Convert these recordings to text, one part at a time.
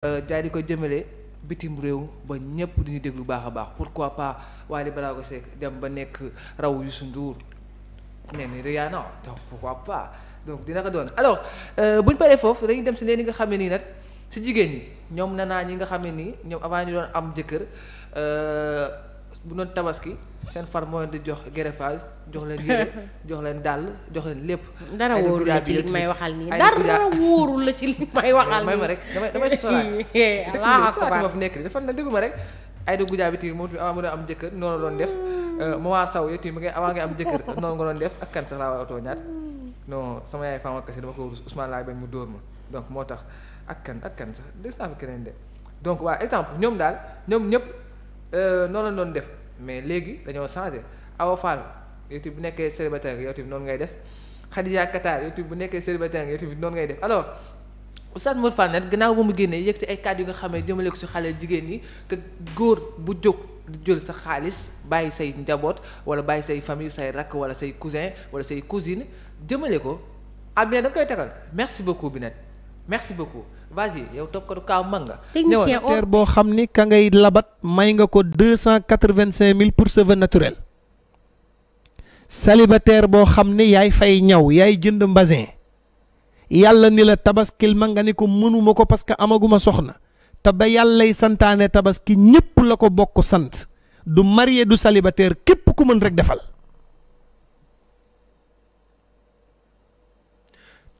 Euh, daal di ko jëmale bitim réew ba ñépp duñu ñu déglu baax a baax pourquoi pas Wally Ballago Seck dem ba nekk raw yu Youssou Ndour nee ni Rihanna donc pourquoi pas donc dina ko doon alors euh, buñ paree foofu dañuy dem si leen ñi nga xam ne nii nag si jigéen ñi ñoom nanaa ñi nga xam ne nii ñoom avant ñu doon am jëkkër euh, bu doon tabaski seen far moo leen di jox greffage jox leen yére jox leen dàll jox leen lépp. dara wóorul la ci li may waxal nii dara wóorul la ci li may waxal nii. ma rek damay damay soraat. alaahu akbar ma fi nekk dafa na déggu ma rek. Aïda Goudiaby Tyr moom tamit avant mu doon am jëkkër noonu la def mm. euh, Mama Sow yow tamit avant nga am jëkkër noonu nga doon def ak kan sax laa war a mm. sama yaay Fama Kassé dama ko Ousmane laay bañ mu dóor ma donc moo tax ak kan ak kan sax des naa fi keneen de donc waa exemple ñoom daal ñoom ñëpp. Euh, noonu la doon def mais léegi dañoo changé Awa Fall youtube bu nekkee célibataire youtube noonu ngay def Khadija Qatar youtube bu nekkee célibataire youtube noonu ngay def alors Oustaz Modou Fall nag gannaaw ba mu génnee yëkkati ay kàddu yu nga xam ne jëmale ko si xale jigéen ñi que góor bu jóg di jël sa xaalis bàyyi say njaboot wala bàyyi say famille say rakk wala say cousin wala say cousine jëmale ko ah bi ne da koy tegal merci beaucoup bi nag merci beaucoup vas yow toppatoo kaaw mag nga. technicien oh. terre boo xam ni ka ngay labat may nga ko deux cent quatre-vingt-cinq mille pour cheveux naturel célibataire boo xam ne yaay fay ñaw yaay jënd mbasin yàlla ni la tabaskil ma nga ni ko mënuma ko parce que amaguma soxna te ba yàllay santaane tabaski ñépp la ko bokk sant du marié du célibataire képp ku mën rek defal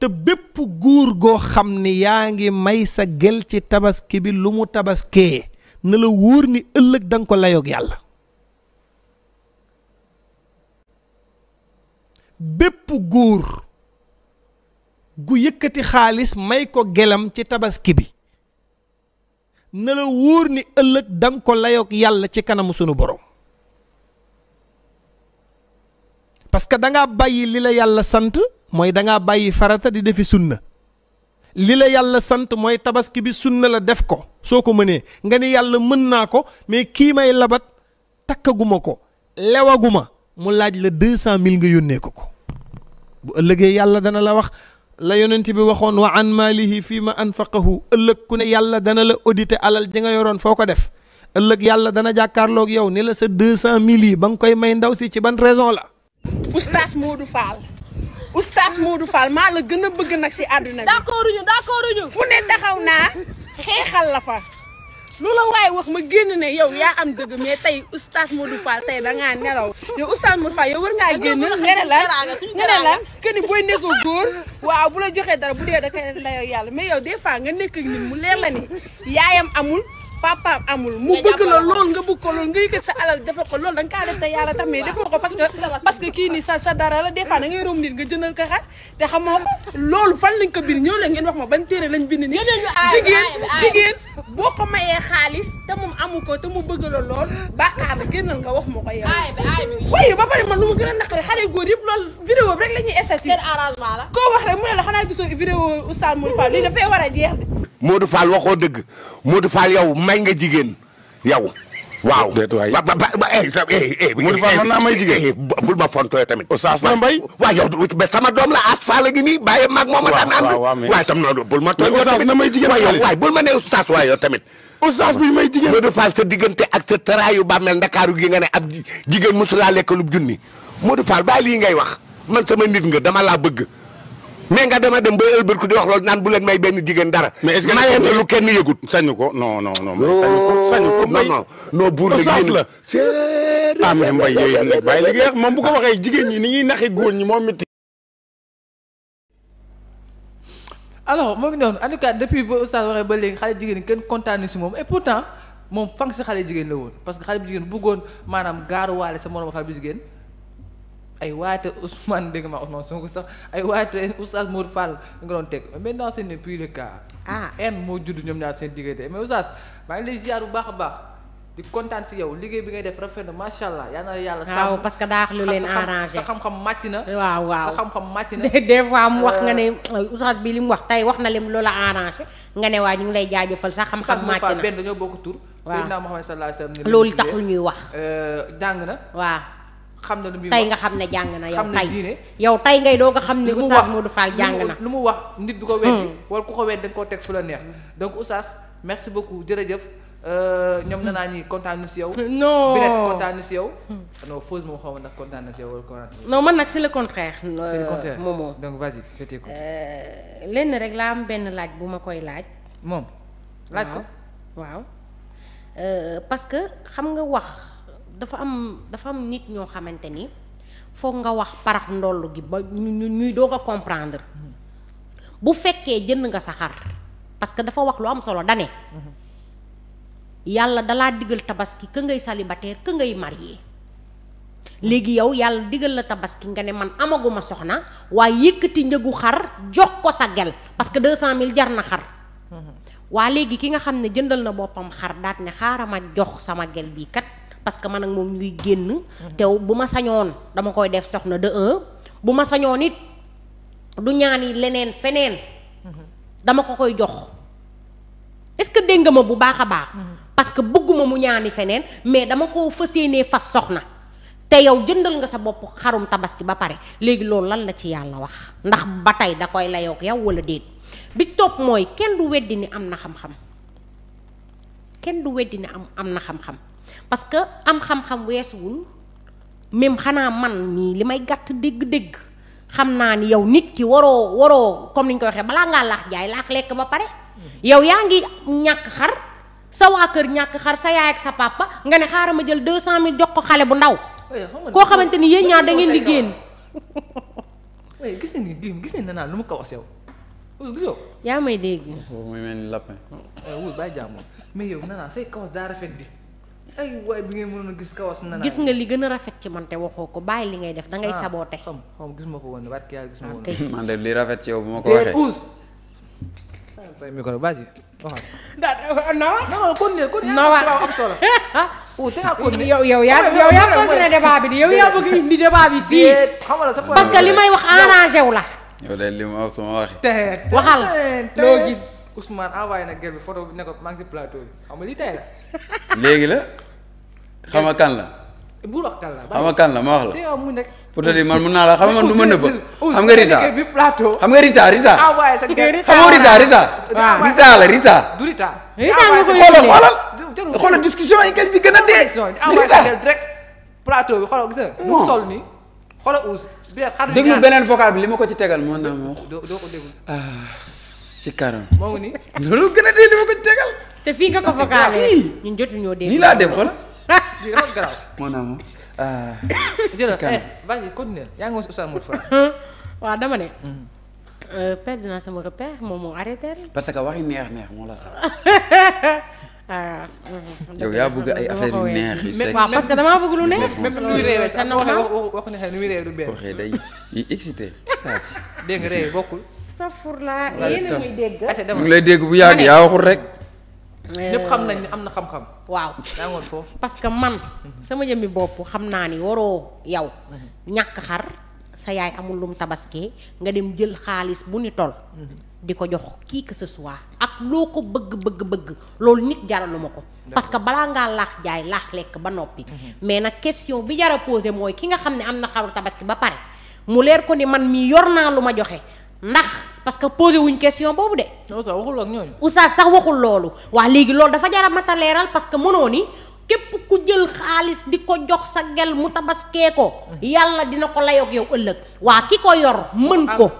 te bépp góor goo xam ni yaa ngi may sa gel ci tabaski bi lu mu tabaskee na la wóor ni ëllëg da ko layoog yàlla bépp góor gu yëkkati xaalis may ko gelam ci tabaski bi na la wóor ni ëllëg dang ko layoog yàlla ci kanamu sunu boroom parce que da ngaa bàyyi li la yàlla sant mooy da bàyyi farata di defi sunna li la yàlla sant mooy tabaski bi sunna la def ko soo ko mënee nga ne yàlla mën naa ko mais kii may labat takkaguma ko lewaguma mu laaj la deux cent mille nga yónnee ko ko bu ëllëgee yàlla dana la wax la yonanti bi waxoon wa an maalihi fii ma anfaqahu ëllëg ku ne yàlla dana la audité alal ji nga yoroon foo ko def ëllëg yàlla dana jàkkaarloog yow ni la sa deux cent mille yi ba nga koy may ndaw si ci ban la oustaz Modou Fall oustaz Modou Fall maa la gën a bëgg nag si àdduna bi. d'accord ñu d'accord fu ne taxaw naa xeexal la fa lu la waaye wax ma génn ne yow yaa am dëgg mais tey oustaz Modou Fall tey da ngaa nelaw yow oustaz Modou Fall yow war ngaa génn nga ne la nga ne la que ni booy nekkoo góor waaw bu la joxee dara bu dee da koy layoo yàlla mais yow des fois nga nekk ak mu leer la ni yaayam amul. papaam amul mu bëgg la lool nga bëgg ko lool nga yëkkat sa alal defal ko lool da nga def te yàlla tax mais ko parce que parce que kii nii la des da ngay rom nit nga jëndal ko xar te xamoo loolu fan lañ ko bind ñëw leen wax ma ban téere lañ bind nii jigéen boo ko mayee xaalis te moom amul ko te mu bëgg la lool bàkkaar la génnal nga wax ma ko yow waaye ba pare man lu ma gën a naqari xale góor yëpp lool vidéo bi rek la ñuy essayé koo wax rek mu ne la xanaa gisoo vidéo oustaz Mouride Fall lii dafay jeex de moo Modou Fall waxoo dëgg moo du Fall yow may nga jigéen yow. waaw déet waay ba ba ba eh eh, eh. Modou Fall mën naa may jigéen eh, eh, bul ma fontooy tamit. Oustaz na mbay waaw yow sama doom la as Fall a ngi nii bàyyi mag moom a daan ànd. waaw waaw waaye tam noonu bul ma. tooy Oustaz na may jigéen ma ne Oustaz waay yow tamit. Oustaz bi may jigéen Modou Fall sa diggante ak sa taraayu bàmmeel Ndakaaru gi nga ne ab jigéen mosulaa lekkalub junni Modou Fall bàyyi lii ngay wax man sama nit nga dama laa bëgg mais nga dema dem ba ku di wax loolu naan bu leen may benn jigéen dara. mais est-ce que lu kenn yëgut. sañu ko non non non. sañu ko sañu ko mbay non non buur de génn la. ah mais mbay yooyu nag bàyyi moom bu ko waxee jigéen ñi ni ñuy naxi góor ñi moom it. alors moo ngi noonu en tout cas depuis ba ba léegi xale jigéen ñi kenn kontaanu si moom et pourtant moom fang si xale jigéen la woon parce que xale bu jigéen bëggoon maanaam gaaruwaale sa moroom xale bu jigéen ay waate Ousmane dégg ma Ousmane Sonko sax ay waate Oustaz Mour Fall nga doon teg maintenant ce n'est plus le cas. ah en moo judd ñoom ñaar seen diggante mais Oustaz maa ngi lay ziar bu baax a baax di kontaan si yow liggéey bi ngay def rafet na macha allah yal na yàlla. waaw parce que daa lu leen arrangé sa xam-xam màcc na. waaw waaw sa xam-xam màcc na. des fois mu wax nga euh. ne Oustaz bi li mu wax tey wax na lim loola arrangé nga ne waa ñu ngi lay jaajëfal sa xam-xam màcc na benn dañoo bokk tur. waaw Seydina Muhammad sallallahu alayhi wa sallam loolu taxul ñuy wax euh, jàng na waaw xam na lu muy wax tey nga xam ne jàng na yow tey yow tey ngay doo nga xam ne oustaz Modou Fall jàng na lu mu wax nit du ko weddi hmm. wala ku ko wedd da nga koo teg fu la neex donc oustaz merci beaucoup jërëjëf euh, ñoom na naa ñi hmm. kontaan na si yow. non Binette kontaan na si yow. non Fauze moom ma nag si yow wala non man nag c'est le contraire. c'est le euh, contraire moomoo donc vas-y je euh, lenn rek laa am benn laaj bu ma koy laaj. moom laaj ko waaw waaw parce que xam nga wax. dafa am dafa am nit ñoo xamante ni foog nga wax parax ndollu gi ba ñu ñuy doog a comprendre bu fekkee jënd nga sa xar parce que dafa wax lu am solo dane yàlla dalaa digal tabaski ka ngay célibataire ka ngay marié léegi yow yàlla digal la tabaski nga ne man amaguma soxna waaye yëkkati njëgu xar jox ko sa gel parce que deux cent mille jar na xar mhm. waa léegi ki nga xam ne jëndal na boppam xar daat ne xaaral ma jox sama gel bii kat parce que man ak moom ñuy génn. tew bu ma sañoon dama koy def soxna de un bu ma sañoon it du ñaani leneen feneen. dama ko koy jox est-ce que dégg nga ma bu baax a baax. parce que bëgguma mu ñaani feneen mais dama koo fas yéenee fas soxna. te yow jëndal nga sa bopp xarum tabaski ba pare léegi loolu lan la ci yàlla wax ndax ba tey da koy layoog yow wala déet bi topp mooy kenn du weddi ni am na xam kenn du weddi am am na xam-xam parce que am xam-xam weesuwul même xanaa man mii li may gàtt dégg-dégg xam naa ni yow nit ki waroo waroo comme ni ñu ko waxee balaa ngaa laax jaay laax lekk ba pare mm-hmm. yow yaa ngi ñàkk xar sa waa kër ñàkk xar sa yaay ak sa papa nga ne xaaral ma jël deux cent mille jox ko xale bu ndaw koo xamante ni yéen ñaar da ngeen gis nañ naa yaa may dégg. ni lapin. bàyyi jàmm mais yow nanaa rafet di ay waay bi ngeen mënoon a gis na gis nga li gën a rafet ci man te waxoo ko bàyyi li ngay def da ngay ah, saboté. xam xam gis ma ko woon barke yàlla gis ma ko woon. Ah, man de li rafet ci yow bu ma ko waxee. micro vas-y waxal. Euh, na wax non kon ne kon na wax am solo. yow yow yaa yow yaa continué débat bi yow yaa bëgg indi débat bi fii. parce que li may wax arrangé wu la. yow de li ma wax su ma waxee. waxal loo gis. Ousmane envoyé na guerre bi photo bi ne ko maa ngi si la. léegi la xam kan la. bu wax la xam nga ma wax la. tey mu nekk. pour te dire man mun naa la xam nga man du ma nëbba. xam nga Rita xam nga Rita Rita. envoyé sa guerre xam nga Rita Rita. waaw Rita la Rita. du Rita. Rita nga koy xoolal discussion yi kañ bi gën a dee. Rita direct plateau bi xoolal gis nga. mu sol nii xoolal uus. beneen vocal bi li ma ko ci tegal moo naa ma wax. doo ci karam moo ngi nii loolu gën a dee li ma ko tegal. te fii nga ko fokaale ñun jotuñoo dee. nii laa dem xoolal. lii dafa garaaw. maanaam ah. jërëjëf eh vas-y yaa ngi wax Oustaz Modou Fall. waaw dama ne. Mm. Euh, perdre naa sama repère moom moo arrêté. parce que waxi neex neex moo la sax. Ah, yow yaa bëgg ay affaire yu neex yu sexe waaw parce que damaa bëgg lu neex. même su muy réew du benn. waxee yi dégg nga bokkul. safurlaa yéen a muy dégg. mu ngi bu yàgg yaa waxul rek. Euh, ñëpp xam nañ ni am na xam-xam. waaw daa foofu. parce que man mhm. sama jëmmi bopp xam naa ni waroo yow mhm. ñàkk xar sa yaay amul lum tabaski nga dem jël xaalis bu ni toll. Mhm. di ko jox kii que ce soit ak loo ko bëgg bëgg bëgg loolu nit lu ma ko. parce que balaa ngaa laax jaay laax lekk ba noppi. Mhm. mais nag question bi jar a mooy ki nga xam ne am na xaru tabaski ba pare mu leer ko ni man mii yor naa lu ma joxe ndax parce que posé wuñ question boobu de. oustaz waxul ak ñooñu. oustaz sax waxul loolu. waa léegi loolu dafa jar a mat leeral parce que mënoo ni. képp ku jël xaalis di ko jox sa gel mu tabaskee ko mhm. yàlla dina ko layoog yow ëllëg waa ki ko yor mën ko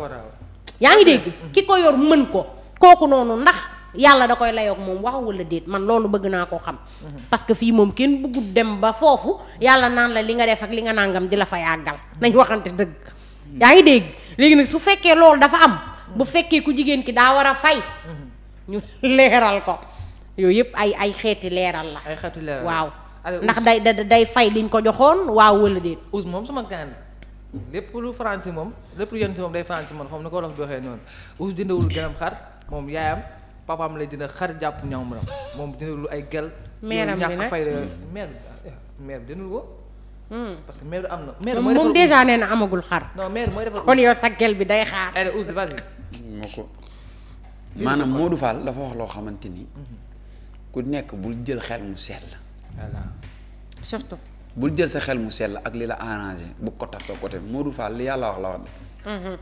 yaa ngi dégg ki ko yor mën ko kooku noonu ndax yàlla da koy layoog moom wax wala déet man loolu bëgg naa koo xam mhm. parce que fii moom kenn bëggul dem ba foofu yàlla naan la li nga def ak li nga nangam di la fa yàggal nañ waxante dëgg mhm. yaa ngi dégg léegi nag su fekkee loolu dafa am mhm. bu fekkee ku jigéen ki daa war a fay ñu leeral ko yooyu yëpp ay ay xeeti leeral la ay xeeti waaw ndax day day fay liñ ko joxoon waaw wala déet moom sama gaan lépp lu faran moom lépp lu yem si moom day faran si man xam na ko wolof di waxee noonu us dindawul gënam xar moom yaayam papaam lay dina xar jàpp ñaw maram moom dindawul ay gel meeram bi ñàkk fay hmm. meer eh, meer bi dindul ko hmm. parce que meer am na meer mooy nee na amagul xar non meer mooy defar kon yow sa gel bi day xaar ay us moo ko maanaam Modou Fall dafa wax loo xamante ni mhm. ku nekk bul jël xel mu sell voilà bul jël sa xel mu sell ak li la arrangé bu ko taf sa côté Modou Fall li yàlla wax la wax de mhm.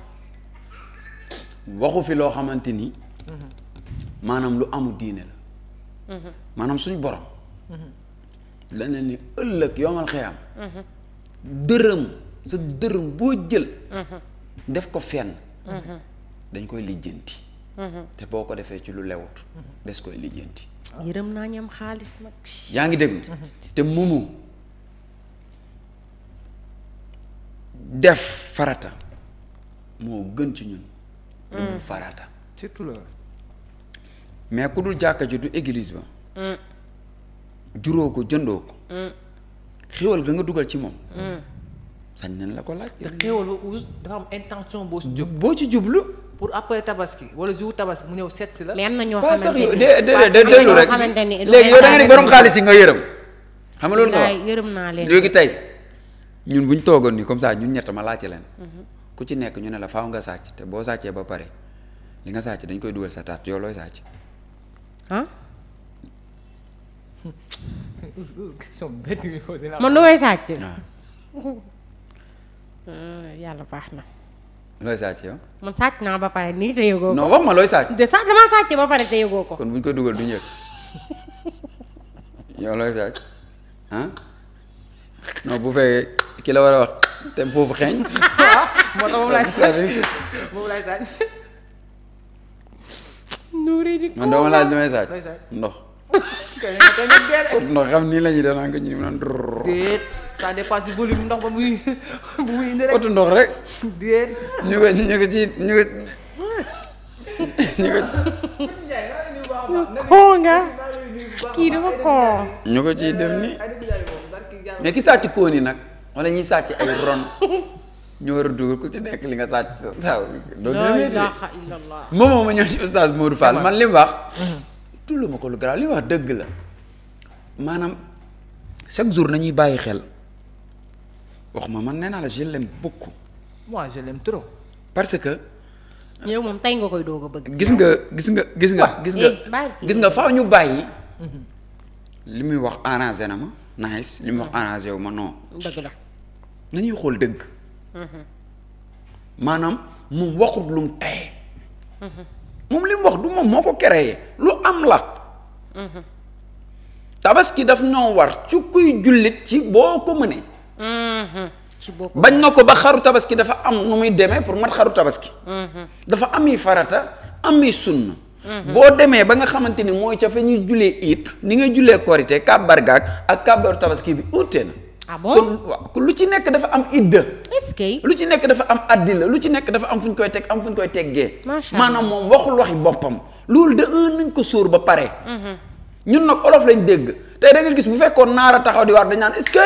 waxu fi loo xamante ni mhm. maanaam lu amul diine la mhm. maanaam suñu borom dana ni ëllëg yomal xeyam dërëm sa dërëm boo jël def ko fenn dañ koy lijjanti te boo ko defee ci lu lewut des koy lijjanti yërëm naa ñam xaalis nag yaa ngi déglu te mumu def farata moo gën ci ñun. lu dul mm. farata. surtout loolu. mais ku dul jàkka ji du église ba. Mm. juróo ko jëndoo ko. Mm. xéwal ga nga dugal ci moom. sañ nañ la ko laaj. te xéwal ba oust dafa am intention boo ci jub boo ci jublu. pour après tabaski wala jour tabaski mu ñëw seet si la. mais am na ñoo xamante ni déedéet léegi yow da nga borom xaalis yi nga yërëm. xam nga loolu nga yërëm naa leen léegi tey. ñun bu ñu toogoon nii comme ça ñun ñett ma laa leen. Mhm. ku ci nekk ñu ne la faaw nga sàcc te boo sàccee ba pare li nga sàcc dañ koy dugal sa taat yow looy sàcc. ah. question bête ah. Euh, baax na. looy sàcc yow. man sàcc naa ba pare nii te yëgoo ko. non wax ma looy sàcc. de sàcc damaa sàcc ba pare te yëgoo ko. kon bu ñu ko dugal du ñu yëg looy sàcc ah bu fekkee. ki la war a wax te foofu xeeñ. waaw moo tax la ñuy def naan ndox ba muy bu muy indi rek. otu ndox ci ñu ko. ko. kii dafa koo. ñu ko ciy def nii. mais ki sàcc kóon yi nag. wala ñuy sàcc ay ron ñu war a dugal ku ci nekk li nga sàcc sa taw loolu dina métti moom moom ma ñëw ci oustaz Modou Fall man li mu wax mhm. tullu ma ko lu garaaw li wax dëgg la maanaam chaque jour nañuy bàyyi xel wax ma man nee naa la je l'aime beaucoup parce que yow moom tey nga koy doog a bëgg gis nga gis nga gis nga gis nga eh, gis nga faaw ñu bàyyi mhm. li muy wax arrangé na ma nice li mu wax arrangé wu ma non. dëgg la nañuy xool dëgg. maanaam mu waxut lu mu tey. moom li mu wax du moom moo ko créé lu am la. tabaski daf ñoo war ci kuy jullit ci boo ko mënee. bañ na ko ba xaru tabaski dafa am nu muy demee pour mat xaru tabaski. Mhm. dafa ami farata ami sunna Mm-hmm. boo demee ba nga xamante ni mooy ca fa ñuy julee it ni ngay julee korite kàbbar gaag ak kàbbaru tabaski bi uute na. ah bon kon lu ci nekk dafa am idda lu ci nekk dafa am addila lu ci nekk dafa am fu ñu koy teg am fu ñu koy teggee maanaam moom waxul waxi boppam loolu de un nañ ko sóor ba pare mm-hmm. ñun nag olof lañ dégg tey da nga gis bu fekkoon naara taxaw di waar dañ naan est-ce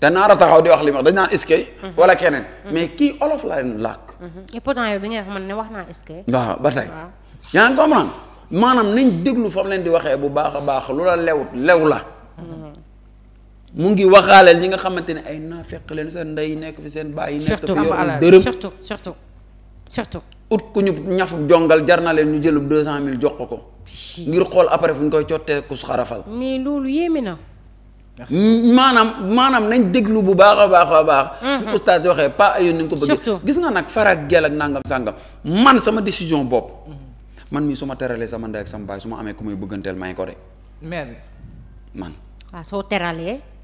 te naar a taxaw di wax li ma dañ naan iskay mhm. wala keneen. Mhm. mais kii olof laa leen làkk. Mhm. et man ne wax naa iskay. waaw ba tey yaa ngi comprendre maanaam nañ déglu fa leen di waxee bu baax a baax lu la lewut lew la. mu ngi waxaaleel ñi nga xamante ne ay naafeq leen seen ndey nekk fi seen baay. nekk fi yor dërëm surtout surtout surtout. ut ku ñu ñaf jongal jar na leen ñu jëlub deux cent mille jox ko ko. ngir xool après fu ñu koy cottee kus xarafal. mais loolu yéeme na. maanaam maanaam nañ déglu bu baax a baax a baax. Mm-hmm. su ustaas waxee pas ayoon nañ ko surtout gis nga nag farak gel ak nangam sàngam man sama décision bopp. Mm-hmm. man mii su ma teralee sama ndey ak sama baay su ma amee ku may bëgganteel may ko de. Ah,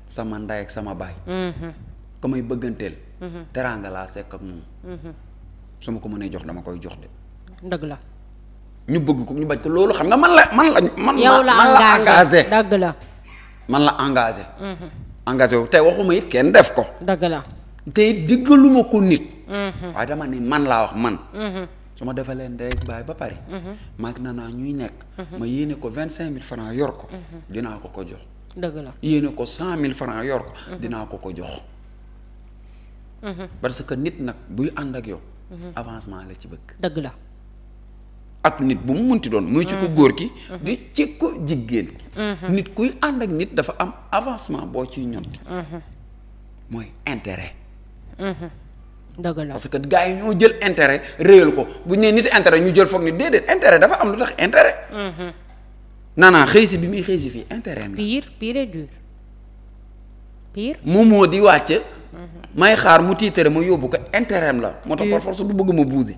sama ndey ak sama baay. Mm-hmm. ku may bëgganteel. teraanga laa sekk ak moom. su ma ko mënee jox dama koy jox de. dëgg la. ñu bëgg ko ñu bañ ko loolu xam nga man la man la man la engagé. dëgg la. man la engage mhm. engagé wu te waxuma it kenn def ko. dëgg la te it ko nit. Mhm. waaye dama ne man laa wax man. Mhm. su ma defalee ndey ak baay ba pare. mag na naa ñuy nekk. ma yéene ko vingt cinq mille franc yor dinaa ko ko jox. dëgg la ko cent mille franc yor dinaa ko ko jox. parce que nit nag buy ànd ak yow. avancement la ci bëgg. dëgg la. ak nit bu mu mun ti doon muy ci ku mm-hmm. góor ki mm-hmm. di ci ku jigéen mm-hmm. nit kuy ànd ak nit dafa am avancement boo ciy ñont mooy intérêt dëgg parce que gars yi ñoo jël intérêt réyal ko bu ñu nee nit intérêt ñu jël foog ni déedéet intérêt dafa am lu tax intérêt naanaa xëy si bi muy xëy si fii intérêt am pire pire et dur mu moo di wàcc may xaar mu tiitare ma yóbbu ko intérêt am la moo tax par force du bëgg ma buuse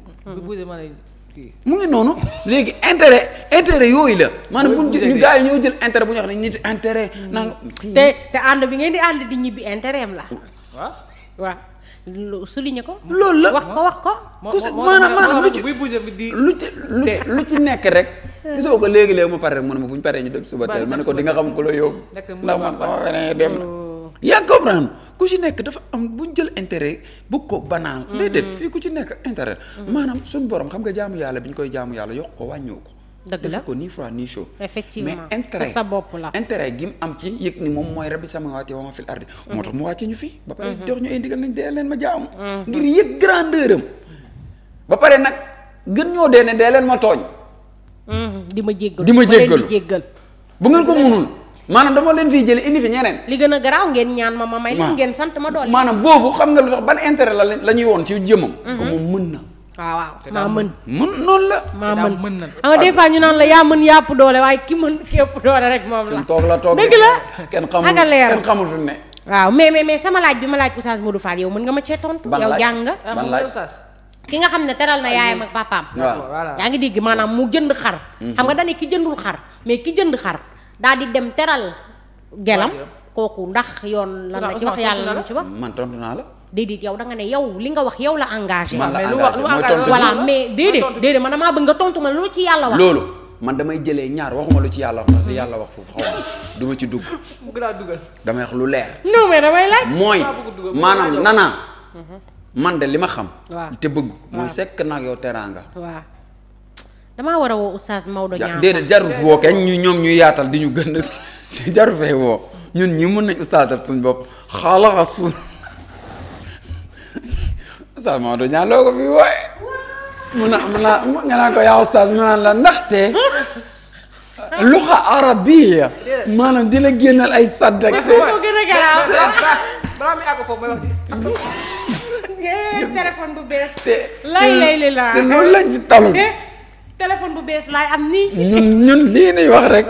mu ngi noonu léegi intérêt intérêt yooyu la maanaam bu ñu gars yi ñoo jël intérêt bu ñu wax ne ñi intérêt hmm. nanga hmm. te te ànd bi ngeen di ànd di ñibbi intérêt am la waaw waaw lu souligné ko. loolu la wax ko wax ko. ku si maanaam lu ci lu ci lu ci nekk rek. Hmm. gisoo ko léegi léegi mu pare rek mu ne ma bu ñu paree ñu dem suba teel ma ne ko di nga xam ku la yóbbu. ndax man sama weneen dem na. yaa comprendre ku ci nekk dafa am bu ñu jël intérêt bu ko banaan mm-hmm. déedéet fii ku ci nekk intérêt mm-hmm. maanaam suñ borom xam nga jaamu yàlla bi ñu koy jaamu yàlla yokk ko wàññoo ko dëgg la ko ni froid ni chaud. effectivement mais intérêt sa bopp gi mu am ci yëg ni moom mooy rabbi samaawaati wa ma fil ardi. Mm-hmm. moo tax mu wàcce ñu fi. ba pare jox ñu ay ndigal nañ dee leen ma jaamu. ngir yëg grandeur am. ba pare nag gën ñoo dee ne dee leen ma tooñ. di ma jéggalu di ma jéggalu bu nge ko munul. maanaam dama leen fiy jëlee indi fi ñeneen. li gën a garaaw ngeen ñaan ma ma may. li ngeen sant ma doole. maanaam boobu xam nga lu tax ban intérêt la la ñuy woon ci jëmmam. Mm-hmm. que moom mën na. waaw waaw maa mën. mën noonu la. maa mën mën na ah des fois ñu naan la yaa mën yàpp doole waaye ki mën ki ëpp doole rek moom la. suñ toog la toog dëgg la. kenn xamul kenn xamul fi ne. waaw mais mais mais sama laaj bi ma laaj Oustaz Modou Fall yow mën nga ma cee tontu. ban yow jàng nga. Ah, ki nga xam ne teral na yaayam ak papaam. yaa ngi dégg maanaam mu jënd xar. Mm-hmm. xam nga dañu ki jëndul xar mais ki jënd xar daal di dem teral gelam kooku ndax yoon lan la ci wax yàlla lan ci wax man tontu naa la déedéet yow danga ne yow li nga wax yow la engagé voilà mais déedéet déedéet man damaa bëgg nga tontu ma lu yàlla wax man damay jëlee ñaar waxuma lu ci yàlla yàlla wax foofu du ma ci dugg bëgg dugal damay wax lu leer non mais mooy maanaam nanaa mhm. man de li ma xam te bëgg mooy sekk naag yow teraanga damaa war a woo oustaz Maodo Niang. déedéet jarut woo kañ ñu ñoom ñu yaatal di ñu gën a jaru fee woo ñun ñi mën nañ oustazal suñu bopp xaalaxa suun oustaz Maodo Niang loo ko fi wooye mun a mun a nga naan ko yaa oustaz mu naan la ndaxte luxa arabiya maanaam di la génnal ay saddak te balaa muy àgg foofu may wax téléphone bu bees lay lay li la te loolu lañ fi talul téléphone bu bees laay am nii. ñun ñun lii nii wax rek.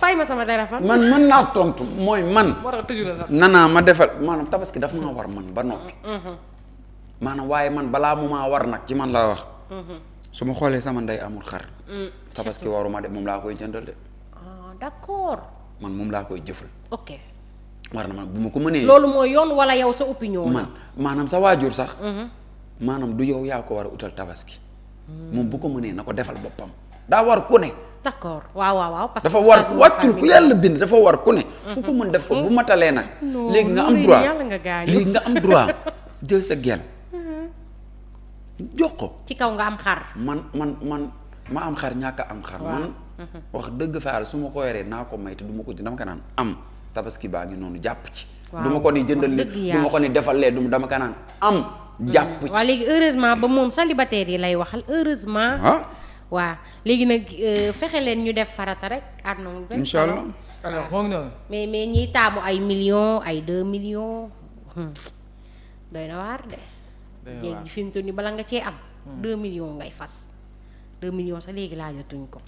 fay ma sama téléphone. man mën naa tontu mooy man. nanaa ma defal maanaam tabaski daf maa war man ba noppi. Mm-hmm. maanaam waaye man balaa mu maa war nag ci man laa wax. Mm-hmm. su ma xoolee sama ndey amul xar. Mm, tabaski waruma de moom laa koy jëndal de. ah man moom laa koy jëfal. ok. war na man bu ma ko mënee. loolu mooy yoon wala yow sa opinion. man maanaam sa waajur sax. Mm-hmm. maanaam du yow yaa ko war a utal tabaski. moom bu ko mënee na ko defal boppam daa war ku ne. d'accord waaw parce que dafa war wàccul ku yàlla bind dafa war ku ne. Mm-hmm. ku ko mën def ko bu mm-hmm. matalee nag. léegi nga am droit léegi nga am droit jël sa gel mm-hmm. jox ko. ci kaw nga am xar. man man man ma am xar ñàkk am xar. man wax dëgg faal su ma ko yoree naa ko may te du ma ko jënd dama ko am tabaski baa ngi noonu jàpp ci. du ma ko ni jëndal li du ko ni defal lee du dama ko am. jàpp ci waaw léegi heureusement ba moom célibataire yi lay waxal heureusement. Ah. waa léegi nag euh, fexe leen ñu def farata rek. incha allah alors moom noonu. mais mais ñiy taamu ay millions ay deux millions. Hmm. day na waar de. léegi fi mu toll bala nga cee am. Hmm. deux millions ngay fas. deux millions sa léegi laajotuñ ko.